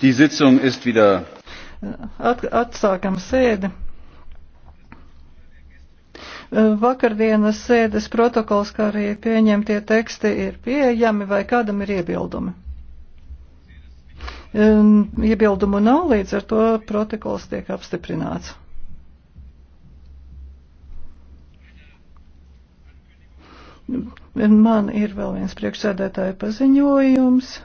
Die Sitzung ist wieder. At, atsākam sēdi. Vakardienas sēdes protokols, kā arī pieņemtie teksti ir pieejami vai kādam ir iebildumi. Iebildumu nav, līdz ar to protokols tiek apstiprināts. Man ir vēl viens priekšsēdētāja paziņojums.